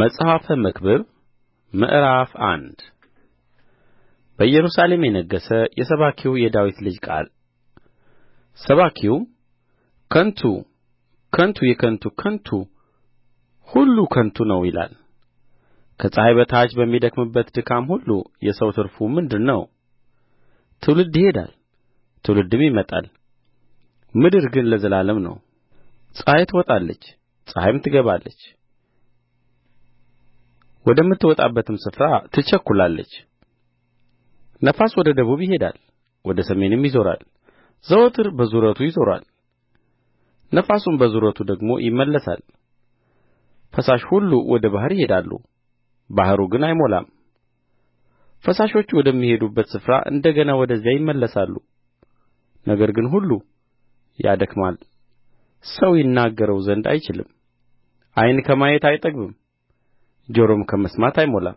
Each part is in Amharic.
መጽሐፈ መክብብ ምዕራፍ አንድ በኢየሩሳሌም የነገሠ የሰባኪው የዳዊት ልጅ ቃል ሰባኪው ከንቱ ከንቱ የከንቱ ከንቱ ሁሉ ከንቱ ነው ይላል ከፀሐይ በታች በሚደክምበት ድካም ሁሉ የሰው ትርፉ ምንድር ነው ትውልድ ይሄዳል ትውልድም ይመጣል ምድር ግን ለዘላለም ነው ፀሐይ ትወጣለች ፀሐይም ትገባለች ወደምትወጣበትም ስፍራ ትቸኵላለች ነፋስ ወደ ደቡብ ይሄዳል ወደ ሰሜንም ይዞራል ዘወትር በዙረቱ ይዞራል ነፋሱም በዙረቱ ደግሞ ይመለሳል ፈሳሾች ሁሉ ወደ ባሕር ይሄዳሉ ባሕሩ ግን አይሞላም ፈሳሾች ወደሚሄዱበት ስፍራ እንደ ገና ወደዚያ ይመለሳሉ ነገር ግን ሁሉ ያደክማል ሰው ይናገረው ዘንድ አይችልም ዓይን ከማየት አይጠግብም ጆሮም ከመስማት አይሞላም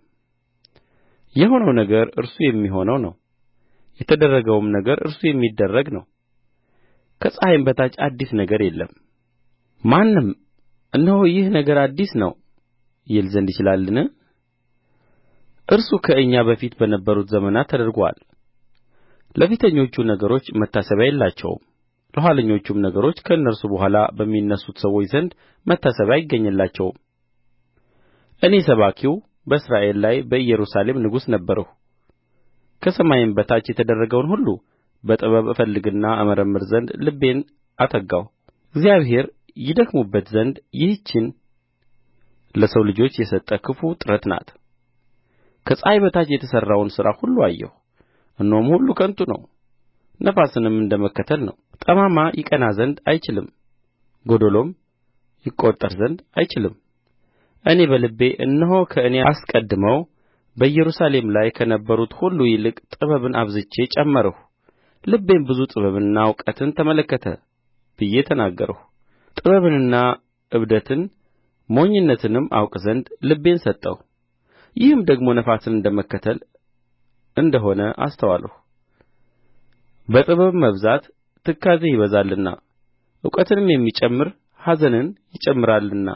የሆነው ነገር እርሱ የሚሆነው ነው የተደረገውም ነገር እርሱ የሚደረግ ነው ከፀሐይም በታች አዲስ ነገር የለም ማንም እነሆ ይህ ነገር አዲስ ነው ይል ዘንድ ይችላልን እርሱ ከእኛ በፊት በነበሩት ዘመናት ተደርጎአል ለፊተኞቹ ነገሮች መታሰቢያ የላቸውም ለኋለኞቹም ነገሮች ከእነርሱ በኋላ በሚነሡት ሰዎች ዘንድ መታሰቢያ አይገኝላቸውም እኔ ሰባኪው በእስራኤል ላይ በኢየሩሳሌም ንጉሥ ነበርሁ ከሰማይም በታች የተደረገውን ሁሉ በጥበብ እፈልግና እመረምር ዘንድ ልቤን አተጋሁ እግዚአብሔር ይደክሙበት ዘንድ ይህችን ለሰው ልጆች የሰጠ ክፉ ጥረት ናት ከፀሐይ በታች የተሠራውን ሥራ ሁሉ አየሁ እነሆም ሁሉ ከንቱ ነው ነፋስንም እንደ መከተል ነው ጠማማ ይቀና ዘንድ አይችልም ጐደሎም ይቈጠር ዘንድ አይችልም እኔ በልቤ እነሆ ከእኔ አስቀድመው በኢየሩሳሌም ላይ ከነበሩት ሁሉ ይልቅ ጥበብን አብዝቼ ጨመርሁ ልቤም ብዙ ጥበብንና እውቀትን ተመለከተ ብዬ ተናገርሁ ጥበብንና ዕብደትን ሞኝነትንም አውቅ ዘንድ ልቤን ሰጠሁ ይህም ደግሞ ነፋስን እንደ መከተል እንደ ሆነ አስተዋልሁ በጥበብ መብዛት ትካዜ ይበዛልና እውቀትንም የሚጨምር ኀዘንን ይጨምራልና